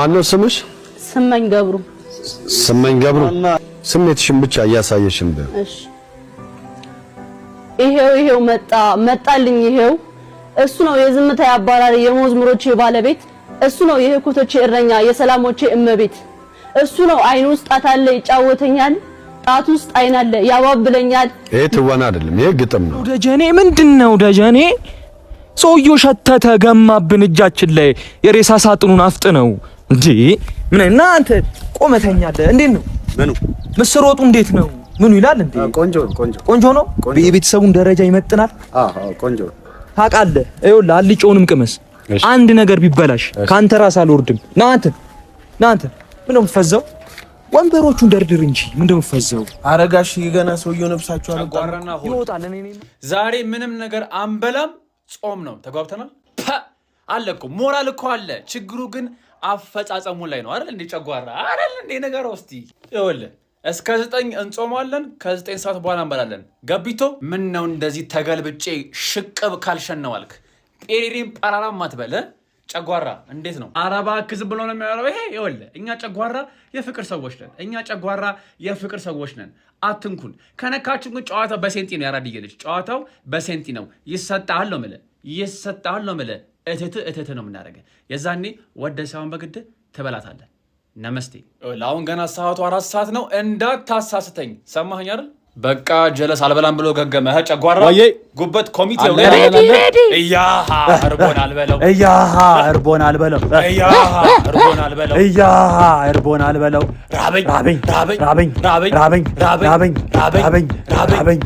ማን ነው ስምሽ? ስመኝ ገብሩ። ስመኝ ገብሩ፣ ስሜትሽን ብቻ እያሳየሽን በ እሺ። ይሄው ይሄው መጣ መጣልኝ። ይሄው እሱ ነው የዝምታ አባራሪ የመዝሙሮቼ ባለቤት እሱ ነው የህኩቶቼ እረኛ የሰላሞቼ እመቤት እሱ ነው አይን ውስጥ ጣት አለ ይጫወተኛል፣ ጣት ውስጥ አይን አለ ያባብለኛል። ይሄ ትወና አይደለም፣ ይሄ ግጥም ነው። ደጀኔ ምንድን ነው ደጀኔ? ሰውዬው ሸተተ ገማብን እጃችን ላይ የሬሳ ሳጥኑን አፍጥ ነው እንዴ ምን እና አንተ ቆመተኛ አለ እንዴት ነው ምኑ ምስር ወጡ እንዴት ነው ምኑ ይላል እንዴ ቆንጆ ቆንጆ ቆንጆ ነው የቤተሰቡን ደረጃ ይመጥናል አዎ ቆንጆ ታውቃለህ ይኸውልህ አልጫውንም ቅመስ አንድ ነገር ቢበላሽ ከአንተ ራስ አልወርድም ና አንተ ና አንተ ምን ነው የምትፈዘው ወንበሮቹን ደርድር እንጂ ምን ነው የምትፈዘው አረጋሽ ገና ሰውየው ነብሳቸው አልቋራና እኔ ዛሬ ምንም ነገር አንበላም ጾም ነው ተጓብተናል አለ እኮ ሞራል እኮ አለ። ችግሩ ግን አፈጻጸሙ ላይ ነው አይደል? እንደ ጨጓራ አይደል? እንደ ነገር ውስጥ ይኸውልህ እስከ ዘጠኝ እንጾማለን። ከዘጠኝ ሰዓት በኋላ እንበላለን። ገቢቶ ምን ነው እንደዚህ ተገልብጬ ሽቅብ ካልሸነዋልክ ጴሬሬን ጳራራ ማትበለ ጨጓራ እንዴት ነው? ኧረ እባክህ ዝም ብሎ ነው የሚያወራው። ይሄ ይኸውልህ እኛ ጨጓራ የፍቅር ሰዎች ነን። እኛ ጨጓራ የፍቅር ሰዎች ነን። አትንኩን። ከነካችን ግን ጨዋታው በሴንቲ ነው። ያራድየልች ጨዋታው በሴንቲ ነው። ይሰጣል ነው የምልህ፣ ይሰጣል ነው የምልህ እትት እትት ነው የምናደርገ። የዛኔ ወደ ሳይሆን በግድ ትበላታለ። ነመስቴ ለአሁን ገና ሰዓቱ አራት ሰዓት ነው። እንዳታሳስተኝ ሰማኸኝ አይደል? በቃ ጀለስ አልበላም ብሎ ገገመ። ጨጓራ ጉበት ኮሚቴ እያ እርቦን አልበለው እያ እርቦን አልበለው እያ እርቦን አልበለው ራበኝ ራበኝ ራበኝ ራበኝ ራበኝ ራበኝ ራበኝ ራበኝ